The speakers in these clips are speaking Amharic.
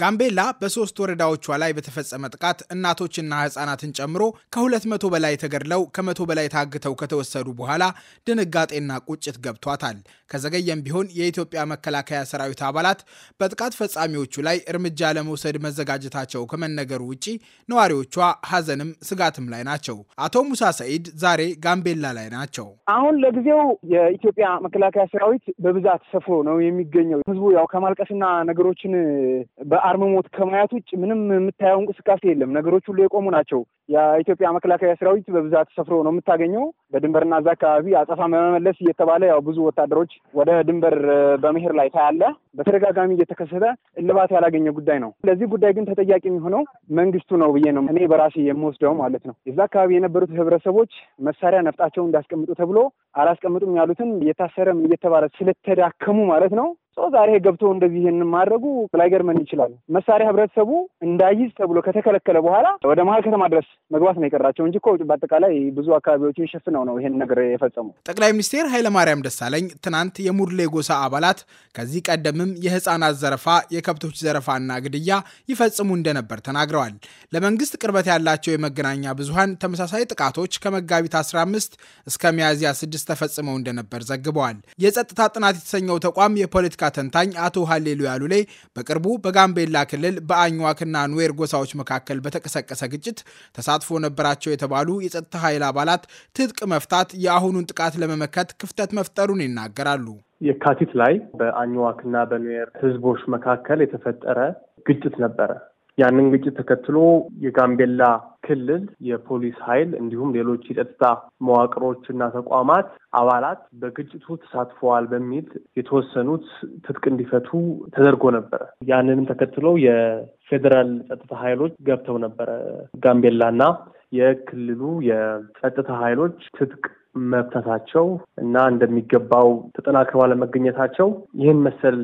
ጋምቤላ በሶስት ወረዳዎቿ ላይ በተፈጸመ ጥቃት እናቶችና ህጻናትን ጨምሮ ከ200 በላይ ተገድለው ከመቶ በላይ ታግተው ከተወሰዱ በኋላ ድንጋጤና ቁጭት ገብቷታል። ከዘገየም ቢሆን የኢትዮጵያ መከላከያ ሰራዊት አባላት በጥቃት ፈጻሚዎቹ ላይ እርምጃ ለመውሰድ መዘጋጀታቸው ከመነገሩ ውጪ ነዋሪዎቿ ሀዘንም ስጋትም ላይ ናቸው። አቶ ሙሳ ሰኢድ ዛሬ ጋምቤላ ላይ ናቸው። አሁን ለጊዜው የኢትዮጵያ መከላከያ ሰራዊት በብዛት ሰፍሮ ነው የሚገኘው። ህዝቡ ያው ከማልቀስና ነገሮችን አርምሞት ከማየት ውጭ ምንም የምታየው እንቅስቃሴ የለም። ነገሮች ሁሉ የቆሙ ናቸው። የኢትዮጵያ መከላከያ ሰራዊት በብዛት ሰፍሮ ነው የምታገኘው። በድንበርና እዛ አካባቢ አጸፋ መመለስ እየተባለ ያው ብዙ ወታደሮች ወደ ድንበር በመሄድ ላይ ታያለ። በተደጋጋሚ እየተከሰተ እልባት ያላገኘ ጉዳይ ነው። ለዚህ ጉዳይ ግን ተጠያቂ የሚሆነው መንግስቱ ነው ብዬ ነው እኔ በራሴ የምወስደው ማለት ነው። የዛ አካባቢ የነበሩት ህብረተሰቦች መሳሪያ ነፍጣቸውን እንዳስቀምጡ ተብሎ አላስቀምጡም ያሉትን እየታሰረም እየተባለ ስለተዳከሙ ማለት ነው ሰው ዛሬ ገብቶ እንደዚህ ይህንን ማድረጉ ላይገርመን ይችላል። መሳሪያ ህብረተሰቡ እንዳይዝ ተብሎ ከተከለከለ በኋላ ወደ መሀል ከተማ ድረስ መግባት ነው የቀራቸው እንጂ እኮ በአጠቃላይ ብዙ አካባቢዎችን ሸፍነው ነው ይህን ነገር የፈጸሙ። ጠቅላይ ሚኒስትር ኃይለማርያም ደሳለኝ ትናንት የሙርሌ ጎሳ አባላት ከዚህ ቀደምም የህፃናት ዘረፋ፣ የከብቶች ዘረፋና ግድያ ይፈጽሙ እንደነበር ተናግረዋል። ለመንግስት ቅርበት ያላቸው የመገናኛ ብዙሀን ተመሳሳይ ጥቃቶች ከመጋቢት 15 እስከ ሚያዝያ 6 ተፈጽመው እንደነበር ዘግበዋል። የጸጥታ ጥናት የተሰኘው ተቋም የፖለቲካ ተንታኝ አቶ ሀሌሉ ያሉሌ በቅርቡ በጋምቤላ ክልል በአኝዋክና ኑዌር ጎሳዎች መካከል በተቀሰቀሰ ግጭት ተሳትፎ ነበራቸው የተባሉ የጸጥታ ኃይል አባላት ትጥቅ መፍታት የአሁኑን ጥቃት ለመመከት ክፍተት መፍጠሩን ይናገራሉ። የካቲት ላይ በአኝዋክና በኑዌር ህዝቦች መካከል የተፈጠረ ግጭት ነበረ። ያንን ግጭት ተከትሎ የጋምቤላ ክልል የፖሊስ ኃይል እንዲሁም ሌሎች የጸጥታ መዋቅሮችና ተቋማት አባላት በግጭቱ ተሳትፈዋል በሚል የተወሰኑት ትጥቅ እንዲፈቱ ተደርጎ ነበረ። ያንንም ተከትሎ የፌዴራል ጸጥታ ኃይሎች ገብተው ነበረ ጋምቤላና የክልሉ የጸጥታ ኃይሎች ትጥቅ መብታታቸው እና እንደሚገባው ተጠናክረው አለመገኘታቸው ይህን መሰል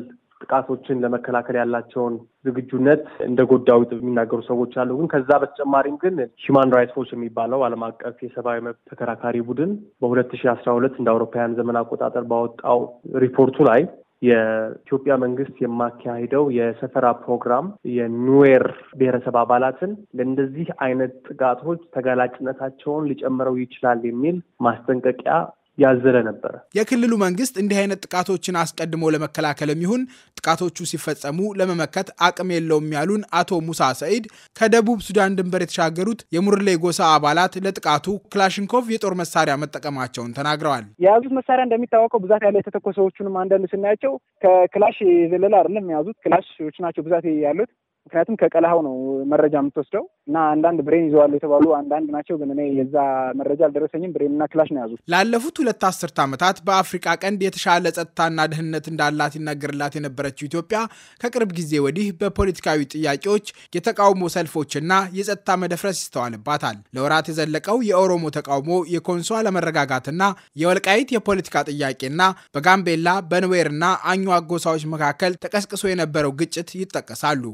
ጥቃቶችን ለመከላከል ያላቸውን ዝግጁነት እንደ እንደጎዳው የሚናገሩ ሰዎች አሉ። ግን ከዛ በተጨማሪም ግን ሂማን ራይትስ ዎች የሚባለው ዓለም አቀፍ የሰብአዊ መብት ተከራካሪ ቡድን በሁለት ሺ አስራ ሁለት እንደ አውሮፓውያን ዘመን አቆጣጠር ባወጣው ሪፖርቱ ላይ የኢትዮጵያ መንግስት የማካሄደው የሰፈራ ፕሮግራም የኑዌር ብሔረሰብ አባላትን ለእንደዚህ አይነት ጥቃቶች ተጋላጭነታቸውን ሊጨምረው ይችላል የሚል ማስጠንቀቂያ ያዘለ ነበረ። የክልሉ መንግስት እንዲህ አይነት ጥቃቶችን አስቀድሞ ለመከላከልም ይሁን ጥቃቶቹ ሲፈጸሙ ለመመከት አቅም የለውም ያሉን አቶ ሙሳ ሰኢድ ከደቡብ ሱዳን ድንበር የተሻገሩት የሙርሌ ጎሳ አባላት ለጥቃቱ ክላሽንኮቭ የጦር መሳሪያ መጠቀማቸውን ተናግረዋል። የያዙት መሳሪያ እንደሚታወቀው ብዛት ያለ የተተኮሰዎቹንም አንዳንድ ስናያቸው ከክላሽ የዘለለ አይደለም የያዙት ክላሾች ናቸው ብዛት ያሉት ምክንያቱም ከቀለሃው ነው መረጃ የምትወስደው እና አንዳንድ ብሬን ይዘዋሉ የተባሉ አንዳንድ ናቸው፣ ግን እኔ የዛ መረጃ አልደረሰኝም። ብሬንና ክላሽ ነው ያዙት። ላለፉት ሁለት አስርት ዓመታት በአፍሪቃ ቀንድ የተሻለ ጸጥታና ደህንነት እንዳላት ይነገርላት የነበረችው ኢትዮጵያ ከቅርብ ጊዜ ወዲህ በፖለቲካዊ ጥያቄዎች የተቃውሞ ሰልፎችና የጸጥታ መደፍረስ ይስተዋልባታል። ለወራት የዘለቀው የኦሮሞ ተቃውሞ፣ የኮንሶ አለመረጋጋትና የወልቃይት የፖለቲካ ጥያቄና በጋምቤላ በንዌርና አኙ አጎሳዎች መካከል ተቀስቅሶ የነበረው ግጭት ይጠቀሳሉ።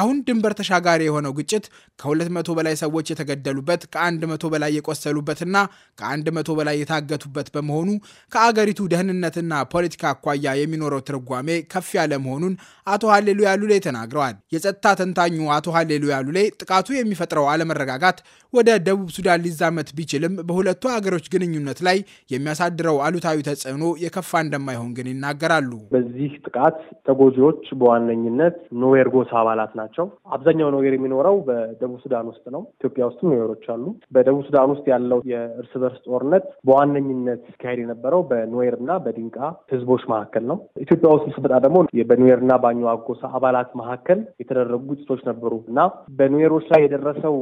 አሁን ድንበር ተሻጋሪ የሆነው ግጭት ከ200 በላይ ሰዎች የተገደሉበት ከ100 በላይ የቆሰሉበትና ከ100 በላይ የታገቱበት በመሆኑ ከአገሪቱ ደህንነትና ፖለቲካ አኳያ የሚኖረው ትርጓሜ ከፍ ያለ መሆኑን አቶ ሀሌሉ ያሉሌ ተናግረዋል። የጸጥታ ተንታኙ አቶ ሀሌሉ ያሉሌ ጥቃቱ የሚፈጥረው አለመረጋጋት ወደ ደቡብ ሱዳን ሊዛመት ቢችልም በሁለቱ አገሮች ግንኙነት ላይ የሚያሳድረው አሉታዊ ተጽዕኖ የከፋ እንደማይሆን ግን ይናገራሉ። በዚህ ጥቃት ተጎጂዎች በዋነኝነት ኖዌርጎሳ አባላት ናቸው ናቸው። አብዛኛው ነገር የሚኖረው በደቡብ ሱዳን ውስጥ ነው። ኢትዮጵያ ውስጥም ነገሮች አሉ። በደቡብ ሱዳን ውስጥ ያለው የእርስ በርስ ጦርነት በዋነኝነት ሲካሄድ የነበረው በኑዌር እና በዲንቃ ህዝቦች መካከል ነው። ኢትዮጵያ ውስጥ ስመጣ ደግሞ በኑዌር እና በአኝዋ ጎሳ አባላት መካከል የተደረጉ ግጭቶች ነበሩ እና በኑዌሮች ላይ የደረሰው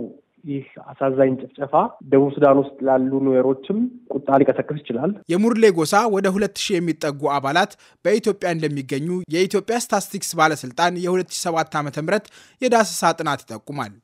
ይህ አሳዛኝ ጭፍጨፋ ደቡብ ሱዳን ውስጥ ላሉ ኑዌሮችም ቁጣ ሊቀሰቅስ ይችላል። የሙርሌ ጎሳ ወደ ሁለት ሺህ የሚጠጉ አባላት በኢትዮጵያ እንደሚገኙ የኢትዮጵያ ስታትስቲክስ ባለስልጣን የ2007 ዓ ም የዳሰሳ ጥናት ይጠቁማል።